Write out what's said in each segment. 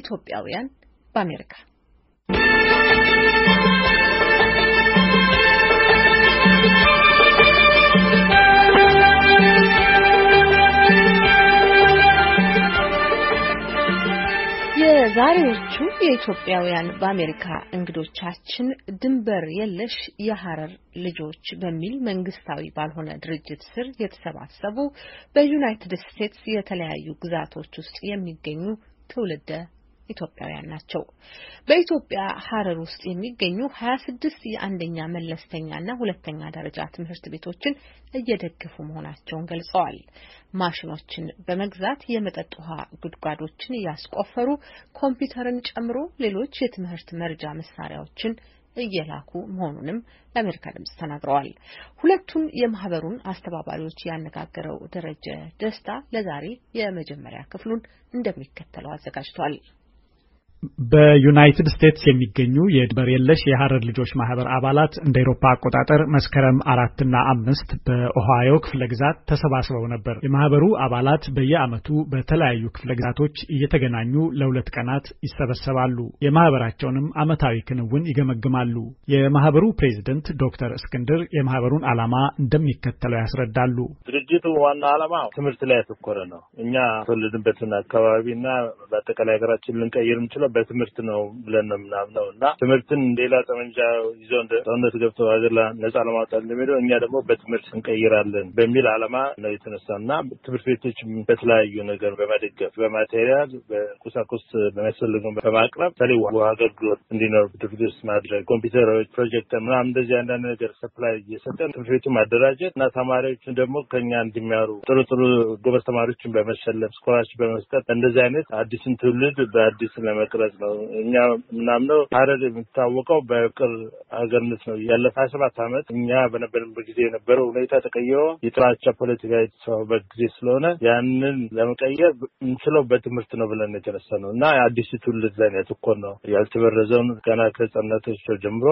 ኢትዮጵያውያን በአሜሪካ የዛሬዎቹ የኢትዮጵያውያን በአሜሪካ እንግዶቻችን ድንበር የለሽ የሀረር ልጆች በሚል መንግስታዊ ባልሆነ ድርጅት ስር የተሰባሰቡ በዩናይትድ ስቴትስ የተለያዩ ግዛቶች ውስጥ የሚገኙ ትውልደ ኢትዮጵያውያን ናቸው። በኢትዮጵያ ሀረር ውስጥ የሚገኙ 26 የአንደኛ መለስተኛና ሁለተኛ ደረጃ ትምህርት ቤቶችን እየደገፉ መሆናቸውን ገልጸዋል። ማሽኖችን በመግዛት የመጠጥ ውሃ ጉድጓዶችን እያስቆፈሩ ኮምፒውተርን ጨምሮ ሌሎች የትምህርት መርጃ መሳሪያዎችን እየላኩ መሆኑንም ለአሜሪካ ድምጽ ተናግረዋል። ሁለቱን የማህበሩን አስተባባሪዎች ያነጋገረው ደረጀ ደስታ ለዛሬ የመጀመሪያ ክፍሉን እንደሚከተለው አዘጋጅቷል። በዩናይትድ ስቴትስ የሚገኙ የድንበር የለሽ የሀረር ልጆች ማህበር አባላት እንደ አውሮፓ አቆጣጠር መስከረም አራትና አምስት በኦሃዮ ክፍለ ግዛት ተሰባስበው ነበር። የማህበሩ አባላት በየዓመቱ በተለያዩ ክፍለ ግዛቶች እየተገናኙ ለሁለት ቀናት ይሰበሰባሉ። የማህበራቸውንም ዓመታዊ ክንውን ይገመግማሉ። የማህበሩ ፕሬዚደንት ዶክተር እስክንድር የማህበሩን ዓላማ እንደሚከተለው ያስረዳሉ። ድርጅቱ ዋና ዓላማ ትምህርት ላይ ያተኮረ ነው። እኛ ተወለድንበትን አካባቢና በአጠቃላይ ሀገራችን ልንቀይር ምችለው የምናምነው በትምህርት ነው ብለን ነው የምናምነው እና ትምህርትን ሌላ ጠመንጃ ይዞ እንደ ጦርነት ገብተው ሀገር ነጻ ለማውጣት እንደሚሄደው እኛ ደግሞ በትምህርት እንቀይራለን በሚል አላማ ነው የተነሳ እና ትምህርት ቤቶች በተለያዩ ነገር በመደገፍ በማቴሪያል፣ በቁሳቁስ በሚያስፈልጉ በማቅረብ ተለይ ውሃ አገልግሎት እንዲኖር ትምህርት ውስጥ ማድረግ ኮምፒውተሮች፣ ፕሮጀክተር ምናምን እንደዚህ አንዳንድ ነገር ሰፕላይ እየሰጠን ትምህርት ቤቱ ማደራጀት እና ተማሪዎችን ደግሞ ከኛ እንዲማሩ ጥሩ ጥሩ ጎበዝ ተማሪዎችን በመሸለም ስኮላርሽፕ በመስጠት እንደዚህ አይነት አዲስን ትውልድ በአዲስ ለመቀ መቅረጽ ነው። እኛ ምናምነው ሀረር የሚታወቀው በፍቅር ሀገርነት ነው። ያለፈ ሀያ ሰባት ዓመት እኛ በነበርንበት ጊዜ የነበረው ሁኔታ ተቀይሮ የጥላቻ ፖለቲካ የተሰበት ጊዜ ስለሆነ ያንን ለመቀየር የምንችለው በትምህርት ነው ብለን የተነሳ ነው እና የአዲስ ትውልድ ላይ ያተኮር ነው ያልተበረዘውን ገና ከህጻንነታቸው ጀምሮ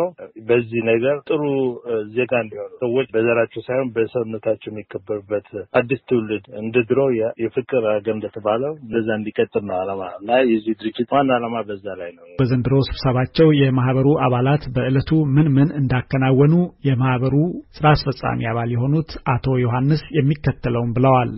በዚህ ነገር ጥሩ ዜጋ እንዲሆኑ ሰዎች በዘራቸው ሳይሆን በሰውነታቸው የሚከበሩበት አዲስ ትውልድ እንደ ድሮ የፍቅር ሀገር እንደተባለው እንደዛ እንዲቀጥል ነው አላማ እና የዚህ ድርጅት ዋና አላማ ዓላማ በዛ ላይ ነው። በዘንድሮ ስብሰባቸው የማህበሩ አባላት በዕለቱ ምን ምን እንዳከናወኑ የማህበሩ ስራ አስፈጻሚ አባል የሆኑት አቶ ዮሐንስ የሚከተለውን ብለዋል።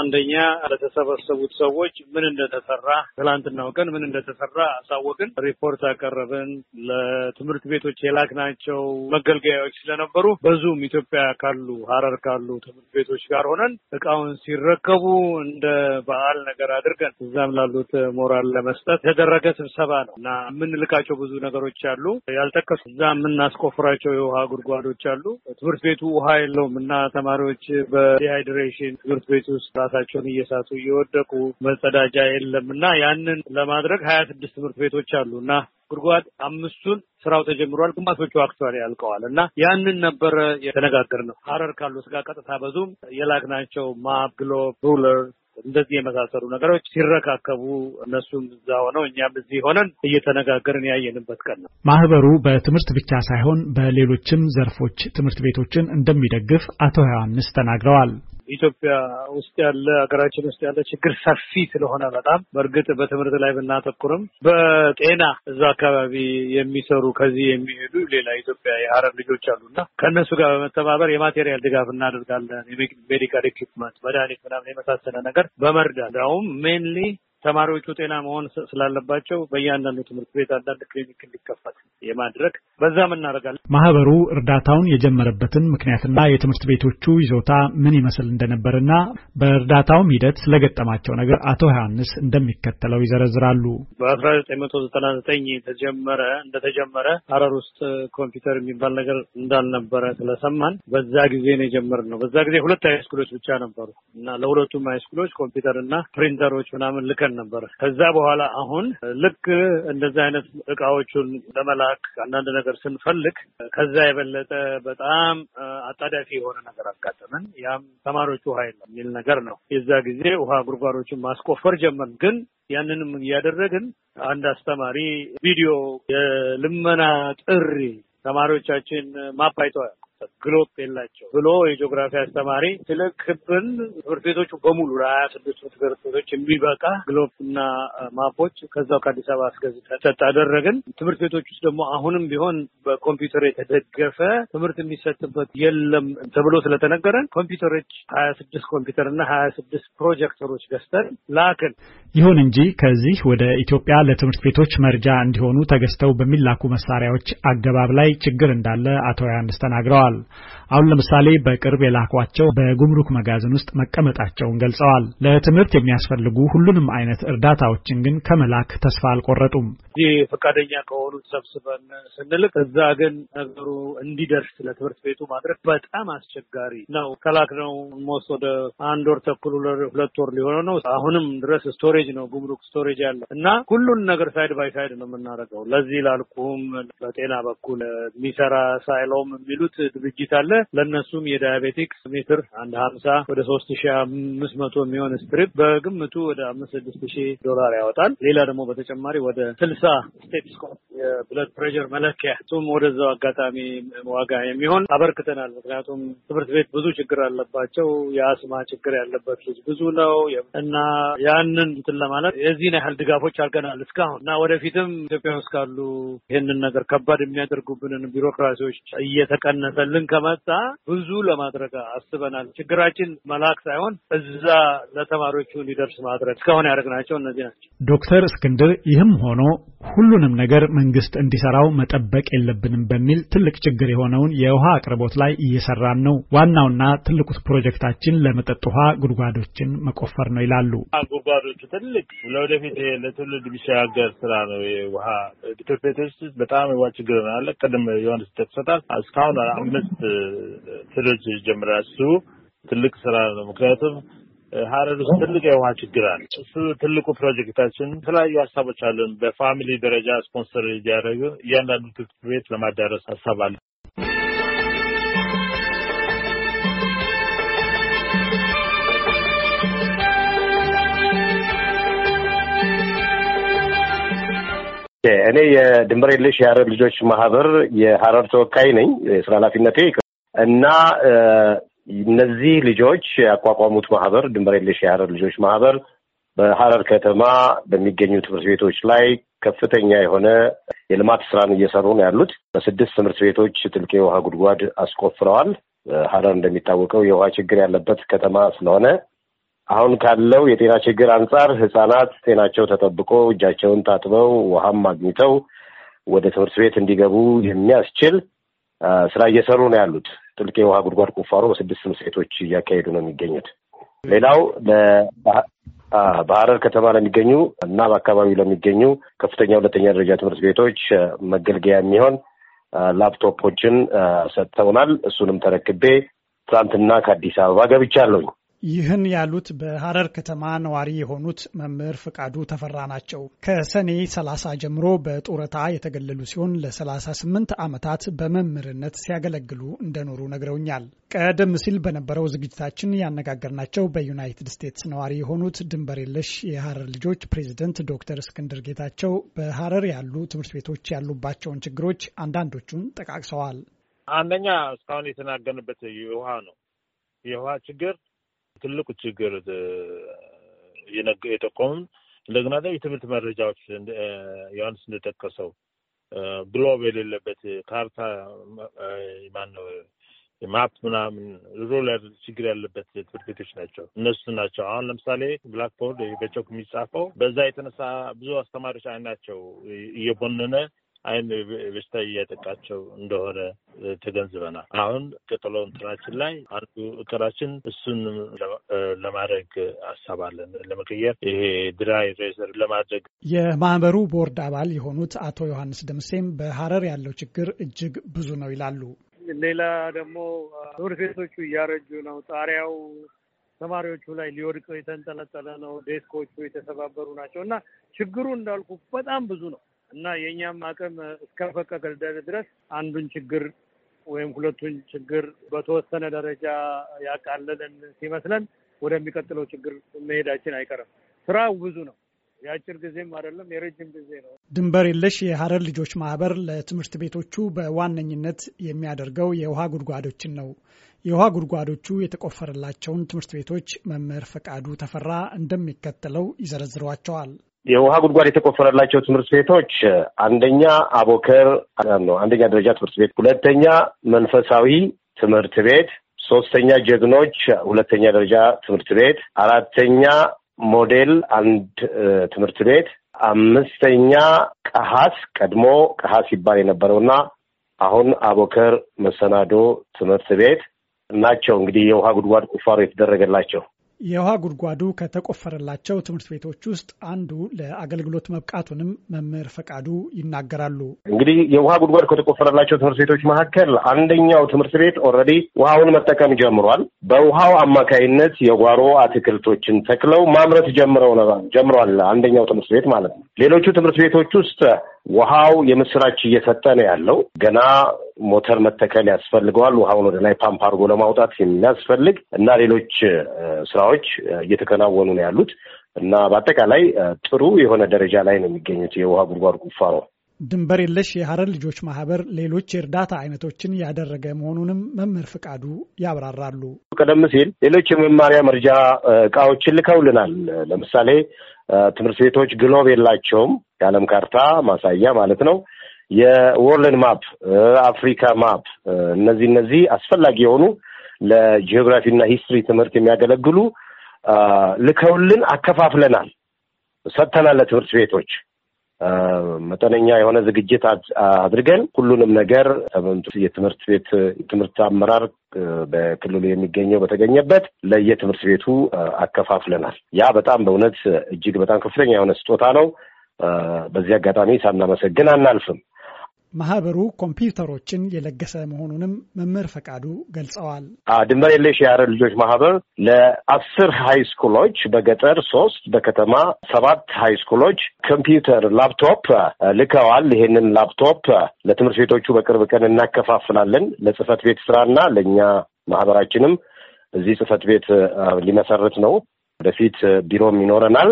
አንደኛ ለተሰበሰቡት ሰዎች ምን እንደተሰራ ትላንትናው ቀን ምን እንደተሰራ አሳወቅን፣ ሪፖርት አቀረብን። ለትምህርት ቤቶች የላክናቸው መገልገያዎች ስለነበሩ በዙም ኢትዮጵያ ካሉ ሀረር ካሉ ትምህርት ቤቶች ጋር ሆነን እቃውን ሲረከቡ እንደ በዓል ነገር አድርገን እዛም ላሉት ሞራል ለመስጠት የተደረገ ስብሰባ ነው እና የምንልካቸው ብዙ ነገሮች አሉ ያልጠቀሱ እዛ የምናስቆፍራቸው የውሃ ጉድጓዶች አሉ። ትምህርት ቤቱ ውሃ የለውም እና ተማሪዎች በዲሃይድሬሽን ትምህርት ቤቱ ውስጥ ራሳቸውን እየሳቱ እየወደቁ መጸዳጃ የለም እና ያንን ለማድረግ ሀያ ስድስት ትምህርት ቤቶች አሉ እና ጉድጓድ አምስቱን ስራው ተጀምሯል። ግማሾቹ አክቹዋሊ ያልቀዋል እና ያንን ነበረ የተነጋገርነው። ሀረር ካሉት ጋር ቀጥታ በዙም የላክናቸው ማፕ፣ ግሎብ፣ ሩለር እንደዚህ የመሳሰሉ ነገሮች ሲረካከቡ እነሱም እዛ ሆነው እኛም እዚህ ሆነን እየተነጋገርን ያየንበት ቀን ነው። ማህበሩ በትምህርት ብቻ ሳይሆን በሌሎችም ዘርፎች ትምህርት ቤቶችን እንደሚደግፍ አቶ ዮሐንስ ተናግረዋል። ኢትዮጵያ ውስጥ ያለ ሀገራችን ውስጥ ያለ ችግር ሰፊ ስለሆነ በጣም በእርግጥ በትምህርት ላይ ብናተኩርም በጤና እዛ አካባቢ የሚሰሩ ከዚህ የሚሄዱ ሌላ ኢትዮጵያ የሀረር ልጆች አሉና ከእነሱ ጋር በመተባበር የማቴሪያል ድጋፍ እናደርጋለን። የሜዲካል ኢኩፕመንት፣ መድኃኒት ምናምን የመሳሰለ ነገር በመርዳት እንዲያውም ሜንሊ ተማሪዎቹ ጤና መሆን ስላለባቸው በእያንዳንዱ ትምህርት ቤት አንዳንድ ክሊኒክ እንዲከፈት የማድረግ በዛም እናደርጋለን። ማህበሩ እርዳታውን የጀመረበትን ምክንያትና የትምህርት ቤቶቹ ይዞታ ምን ይመስል እንደነበርና በእርዳታውም ሂደት ስለገጠማቸው ነገር አቶ ዮሐንስ እንደሚከተለው ይዘረዝራሉ። በአስራ ዘጠኝ መቶ ዘጠና ዘጠኝ ተጀመረ እንደተጀመረ ሀረር ውስጥ ኮምፒውተር የሚባል ነገር እንዳልነበረ ስለሰማን በዛ ጊዜ ነው የጀመርነው። በዛ ጊዜ ሁለት ሃይስኩሎች ብቻ ነበሩ እና ለሁለቱም ሃይስኩሎች ኮምፒውተር እና ፕሪንተሮች ምናምን ልከን ነበረ። ከዛ በኋላ አሁን ልክ እንደዚህ አይነት እቃዎቹን ለመላ መላክ አንዳንድ ነገር ስንፈልግ ከዛ የበለጠ በጣም አጣዳፊ የሆነ ነገር አጋጠመን። ያም ተማሪዎች ውሃ የለም የሚል ነገር ነው። የዛ ጊዜ ውሃ ጉድጓዶችን ማስቆፈር ጀመርን። ግን ያንንም እያደረግን አንድ አስተማሪ ቪዲዮ የልመና ጥሪ ተማሪዎቻችን ማፕ ግሮፕ የላቸው ብሎ የጂኦግራፊ አስተማሪ ስለ ክብን ትምህርት ቤቶቹ በሙሉ ለሀያ ስድስቱ ትምህርት ቤቶች የሚበቃ ግሎፕ እና ማፖች ከዛው ከአዲስ አበባ አስገዝተን ሰጥ አደረግን። ትምህርት ቤቶች ውስጥ ደግሞ አሁንም ቢሆን በኮምፒውተር የተደገፈ ትምህርት የሚሰጥበት የለም ተብሎ ስለተነገረን ኮምፒውተሮች ሀያ ስድስት ኮምፒውተር እና ሀያ ስድስት ፕሮጀክተሮች ገዝተን ላክን። ይሁን እንጂ ከዚህ ወደ ኢትዮጵያ ለትምህርት ቤቶች መርጃ እንዲሆኑ ተገዝተው በሚላኩ መሳሪያዎች አገባብ ላይ ችግር እንዳለ አቶ ያንስ ተናግረዋል። ተናግረዋል። አሁን ለምሳሌ በቅርብ የላኳቸው በጉምሩክ መጋዘን ውስጥ መቀመጣቸውን ገልጸዋል። ለትምህርት የሚያስፈልጉ ሁሉንም አይነት እርዳታዎችን ግን ከመላክ ተስፋ አልቆረጡም። ይህ ፈቃደኛ ከሆኑት ሰብስበን ስንልቅ እዛ ግን ነገሩ እንዲደርስ ለትምህርት ቤቱ ማድረግ በጣም አስቸጋሪ ነው። ከላክነው ሞስ ወደ አንድ ወር ተኩል ሁለት ወር ሊሆነው ነው። አሁንም ድረስ ስቶሬጅ ነው ጉምሩክ ስቶሬጅ ያለው እና ሁሉን ነገር ሳይድ ባይ ሳይድ ነው የምናደርገው። ለዚህ ላልኩም በጤና በኩል የሚሰራ ሳይሎም የሚሉት ድርጅት አለ። ለእነሱም የዳያቤቲክስ ሜትር አንድ ሀምሳ ወደ ሶስት ሺ አምስት መቶ የሚሆን ስትሪፕ በግምቱ ወደ አምስት ስድስት ሺ ዶላር ያወጣል። ሌላ ደግሞ በተጨማሪ ወደ ስልሳ ስቴፕስኮፕ የብለድ ፕሬሽር መለኪያ እሱም ወደዛው አጋጣሚ ዋጋ የሚሆን አበርክተናል። ምክንያቱም ትምህርት ቤት ብዙ ችግር አለባቸው። የአስማ ችግር ያለበት ልጅ ብዙ ነው እና ያንን እንትን ለማለት የዚህን ያህል ድጋፎች አድርገናል እስካሁን እና ወደፊትም ኢትዮጵያ ውስጥ ካሉ ይህንን ነገር ከባድ የሚያደርጉብንን ቢሮክራሲዎች እየተቀነሰ ሊመልስልን ከመጣ ብዙ ለማድረግ አስበናል። ችግራችን መላክ ሳይሆን እዛ ለተማሪዎቹ እንዲደርስ ማድረግ እስካሁን ያደረግናቸው እነዚህ ናቸው። ዶክተር እስክንድር ይህም ሆኖ ሁሉንም ነገር መንግስት እንዲሰራው መጠበቅ የለብንም በሚል ትልቅ ችግር የሆነውን የውሃ አቅርቦት ላይ እየሰራን ነው። ዋናውና ትልቁት ፕሮጀክታችን ለመጠጥ ውሃ ጉድጓዶችን መቆፈር ነው ይላሉ። ጉድጓዶቹ ትልቅ ለወደፊት ለትውልድ የሚሸጋገር ስራ ነው። ውሃ ኢትዮጵያ ውስጥ በጣም የውሃ ችግር አለ። ቅድም የሆነ ስተሰጣል እስካሁን አይነት ትሎች ጀምራ እሱ ትልቅ ስራ ነው። ምክንያቱም ሀረር ውስጥ ትልቅ የውሃ ችግር አለ። እሱ ትልቁ ፕሮጀክታችን የተለያዩ ሀሳቦች አለን። በፋሚሊ ደረጃ ስፖንሰር እያደረገ እያንዳንዱ ትምህርት ቤት ለማዳረስ ሀሳብ አለ። እኔ የድንበር የለሽ የሀረር ልጆች ማህበር የሀረር ተወካይ ነኝ። የስራ ኃላፊነቴ እና እነዚህ ልጆች ያቋቋሙት ማህበር ድንበር የለሽ የሀረር ልጆች ማህበር በሀረር ከተማ በሚገኙ ትምህርት ቤቶች ላይ ከፍተኛ የሆነ የልማት ስራን እየሰሩ ነው ያሉት። በስድስት ትምህርት ቤቶች ጥልቅ የውሃ ጉድጓድ አስቆፍረዋል። ሀረር እንደሚታወቀው የውሃ ችግር ያለበት ከተማ ስለሆነ አሁን ካለው የጤና ችግር አንጻር ህጻናት ጤናቸው ተጠብቆ እጃቸውን ታጥበው ውሃም አግኝተው ወደ ትምህርት ቤት እንዲገቡ የሚያስችል ስራ እየሰሩ ነው ያሉት። ጥልቅ የውሃ ጉድጓድ ቁፋሮ በስድስት ትምህርት ቤቶች እያካሄዱ ነው የሚገኙት። ሌላው በሀረር ከተማ ለሚገኙ እና በአካባቢው ለሚገኙ ከፍተኛ ሁለተኛ ደረጃ ትምህርት ቤቶች መገልገያ የሚሆን ላፕቶፖችን ሰጥተውናል። እሱንም ተረክቤ ትናንትና ከአዲስ አበባ ገብቻለሁኝ። ይህን ያሉት በሐረር ከተማ ነዋሪ የሆኑት መምህር ፍቃዱ ተፈራ ናቸው። ከሰኔ 30 ጀምሮ በጡረታ የተገለሉ ሲሆን ለ38 ዓመታት በመምህርነት ሲያገለግሉ እንደኖሩ ነግረውኛል። ቀደም ሲል በነበረው ዝግጅታችን ያነጋገርናቸው በዩናይትድ ስቴትስ ነዋሪ የሆኑት ድንበር የለሽ የሐረር ልጆች ፕሬዚደንት ዶክተር እስክንድር ጌታቸው በሐረር ያሉ ትምህርት ቤቶች ያሉባቸውን ችግሮች አንዳንዶቹን ጠቃቅሰዋል። አንደኛ እስካሁን የተናገርንበት የውሃ ነው። የውሃ ችግር ትልቅ ችግር የጠቆሙም እንደገና ደግሞ የትምህርት መረጃዎች ዮሐንስ እንደጠቀሰው ብሎ የሌለበት ካርታ ማነው ማፕ ምናምን ሩለር ችግር ያለበት ትምህርት ቤቶች ናቸው። እነሱ ናቸው አሁን ለምሳሌ ብላክቦርድ በቾክ የሚጻፈው በዛ የተነሳ ብዙ አስተማሪዎች አይናቸው እየቦነነ አይን በሽታ እያጠቃቸው እንደሆነ ተገንዝበናል። አሁን ቀጥሎ እንትናችን ላይ አንዱ እቅዳችን እሱን ለማድረግ አሳባለን ለመቀየር ይሄ ድራይ ሬዘር ለማድረግ የማህበሩ ቦርድ አባል የሆኑት አቶ ዮሐንስ ደምሴም በሀረር ያለው ችግር እጅግ ብዙ ነው ይላሉ። ሌላ ደግሞ ትምህርት ቤቶቹ እያረጁ ነው። ጣሪያው ተማሪዎቹ ላይ ሊወድቀው የተንጠለጠለ ነው። ዴስኮቹ የተሰባበሩ ናቸው እና ችግሩ እንዳልኩ በጣም ብዙ ነው። እና የእኛም አቅም እስከፈቀደ ድረስ አንዱን ችግር ወይም ሁለቱን ችግር በተወሰነ ደረጃ ያቃለልን ሲመስለን ወደሚቀጥለው ችግር መሄዳችን አይቀርም። ስራው ብዙ ነው። የአጭር ጊዜም አይደለም፣ የረጅም ጊዜ ነው። ድንበር የለሽ የሀረር ልጆች ማህበር ለትምህርት ቤቶቹ በዋነኝነት የሚያደርገው የውሃ ጉድጓዶችን ነው። የውሃ ጉድጓዶቹ የተቆፈረላቸውን ትምህርት ቤቶች መምህር ፈቃዱ ተፈራ እንደሚከተለው ይዘረዝሯቸዋል። የውሃ ጉድጓድ የተቆፈረላቸው ትምህርት ቤቶች አንደኛ አቦከር ነው፣ አንደኛ ደረጃ ትምህርት ቤት፣ ሁለተኛ መንፈሳዊ ትምህርት ቤት፣ ሶስተኛ ጀግኖች ሁለተኛ ደረጃ ትምህርት ቤት፣ አራተኛ ሞዴል አንድ ትምህርት ቤት፣ አምስተኛ ቀሀስ ቀድሞ ቀሀስ ይባል የነበረውና አሁን አቦከር መሰናዶ ትምህርት ቤት ናቸው። እንግዲህ የውሃ ጉድጓድ ቁፋሮ የተደረገላቸው የውሃ ጉድጓዱ ከተቆፈረላቸው ትምህርት ቤቶች ውስጥ አንዱ ለአገልግሎት መብቃቱንም መምህር ፈቃዱ ይናገራሉ። እንግዲህ የውሃ ጉድጓድ ከተቆፈረላቸው ትምህርት ቤቶች መካከል አንደኛው ትምህርት ቤት ኦልሬዲ ውሃውን መጠቀም ጀምሯል። በውሃው አማካይነት የጓሮ አትክልቶችን ተክለው ማምረት ጀምረው ጀምሯል። አንደኛው ትምህርት ቤት ማለት ነው። ሌሎቹ ትምህርት ቤቶች ውስጥ ውሃው የምስራች እየሰጠ ነው ያለው። ገና ሞተር መተከል ያስፈልገዋል። ውሃውን ወደ ላይ ፓምፕ አድርጎ ለማውጣት የሚያስፈልግ እና ሌሎች ስራዎች እየተከናወኑ ነው ያሉት እና በአጠቃላይ ጥሩ የሆነ ደረጃ ላይ ነው የሚገኙት የውሃ ጉድጓድ ቁፋሮ። ድንበር የለሽ የሀረር ልጆች ማህበር ሌሎች የእርዳታ አይነቶችን ያደረገ መሆኑንም መምህር ፍቃዱ ያብራራሉ። ቀደም ሲል ሌሎች የመማሪያ መርጃ እቃዎችን ልከውልናል። ለምሳሌ ትምህርት ቤቶች ግሎብ የላቸውም። የዓለም ካርታ ማሳያ ማለት ነው። የወርልድ ማፕ፣ አፍሪካ ማፕ እነዚህ እነዚህ አስፈላጊ የሆኑ ለጂኦግራፊና ሂስትሪ ትምህርት የሚያገለግሉ ልከውልን አከፋፍለናል፣ ሰጥተናል ለትምህርት ቤቶች መጠነኛ የሆነ ዝግጅት አድርገን ሁሉንም ነገር የትምህርት ቤት ትምህርት አመራር በክልሉ የሚገኘው በተገኘበት ለየትምህርት ቤቱ አከፋፍለናል። ያ በጣም በእውነት እጅግ በጣም ከፍተኛ የሆነ ስጦታ ነው። በዚህ አጋጣሚ ሳናመሰግን አናልፍም። ማህበሩ ኮምፒውተሮችን የለገሰ መሆኑንም መምህር ፈቃዱ ገልጸዋል። ድንበር የለሽ የአረር ልጆች ማህበር ለአስር ሃይስኩሎች በገጠር ሶስት በከተማ ሰባት ሃይስኩሎች ኮምፒውተር ላፕቶፕ ልከዋል። ይሄንን ላፕቶፕ ለትምህርት ቤቶቹ በቅርብ ቀን እናከፋፍላለን። ለጽህፈት ቤት ስራና ለእኛ ማህበራችንም እዚህ ጽህፈት ቤት ሊመሰርት ነው። ወደፊት ቢሮም ይኖረናል።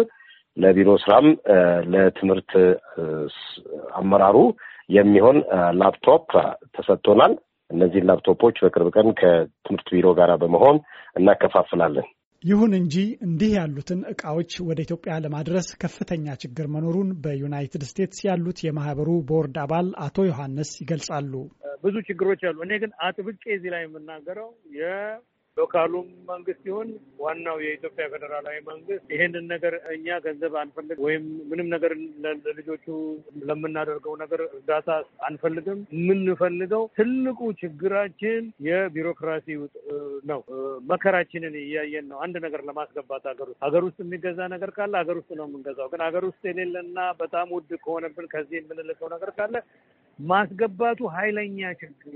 ለቢሮ ስራም ለትምህርት አመራሩ የሚሆን ላፕቶፕ ተሰጥቶናል። እነዚህን ላፕቶፖች በቅርብ ቀን ከትምህርት ቢሮ ጋር በመሆን እናከፋፍላለን። ይሁን እንጂ እንዲህ ያሉትን እቃዎች ወደ ኢትዮጵያ ለማድረስ ከፍተኛ ችግር መኖሩን በዩናይትድ ስቴትስ ያሉት የማህበሩ ቦርድ አባል አቶ ዮሐንስ ይገልጻሉ። ብዙ ችግሮች አሉ። እኔ ግን አጥብቄ እዚህ ላይ የምናገረው ሎካሉም መንግስት ይሁን ዋናው የኢትዮጵያ ፌዴራላዊ መንግስት ይሄንን ነገር እኛ ገንዘብ አንፈልግ ወይም ምንም ነገር ለልጆቹ ለምናደርገው ነገር እርዳታ አንፈልግም። የምንፈልገው ትልቁ ችግራችን የቢሮክራሲ ነው። መከራችንን እያየን ነው። አንድ ነገር ለማስገባት ሀገር ውስጥ ሀገር ውስጥ የሚገዛ ነገር ካለ ሀገር ውስጥ ነው የምንገዛው። ግን ሀገር ውስጥ የሌለና በጣም ውድ ከሆነብን ከዚህ የምንልከው ነገር ካለ ማስገባቱ ኃይለኛ ችግር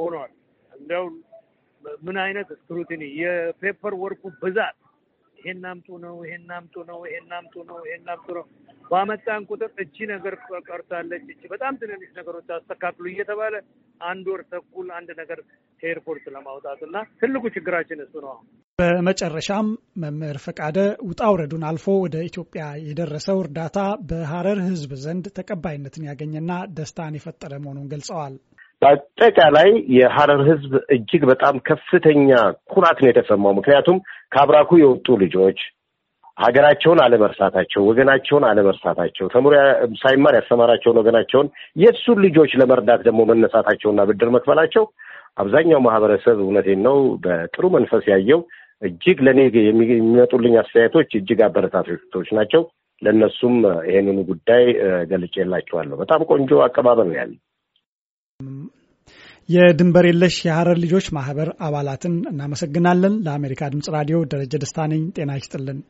ሆኗል። እንዲያው ምን አይነት ስክሩቲኒ የፔፐር ወርኩ ብዛት ይሄን አምጡ ነው፣ ይሄን አምጡ ነው፣ ይሄን አምጡ ነው፣ ይሄን አምጡ ነው። ባመጣን ቁጥር እቺ ነገር ቀርታለች፣ እቺ በጣም ትንንሽ ነገሮች አስተካክሉ እየተባለ አንድ ወር ተኩል አንድ ነገር ከኤርፖርት ለማውጣት እና ትልቁ ችግራችን እሱ ነው። በመጨረሻም መምህር ፈቃደ ውጣ ውረዱን አልፎ ወደ ኢትዮጵያ የደረሰው እርዳታ በሀረር ሕዝብ ዘንድ ተቀባይነትን ያገኘና ደስታን የፈጠረ መሆኑን ገልጸዋል። በአጠቃላይ የሀረር ህዝብ እጅግ በጣም ከፍተኛ ኩራት ነው የተሰማው። ምክንያቱም ከአብራኩ የወጡ ልጆች ሀገራቸውን አለመርሳታቸው፣ ወገናቸውን አለመርሳታቸው፣ ተምሮ ሳይማር ያስተማራቸውን ወገናቸውን የእሱን ልጆች ለመርዳት ደግሞ መነሳታቸውና ብድር መክፈላቸው አብዛኛው ማህበረሰብ እውነቴን ነው በጥሩ መንፈስ ያየው። እጅግ ለእኔ የሚመጡልኝ አስተያየቶች እጅግ አበረታቶች ናቸው። ለእነሱም ይሄንኑ ጉዳይ ገልጬላቸዋለሁ። በጣም ቆንጆ አቀባበል ነው ያለው። የድንበር የለሽ የሀረር ልጆች ማህበር አባላትን እናመሰግናለን። ለአሜሪካ ድምጽ ራዲዮ ደረጀ ደስታ ነኝ። ጤና ይስጥልን።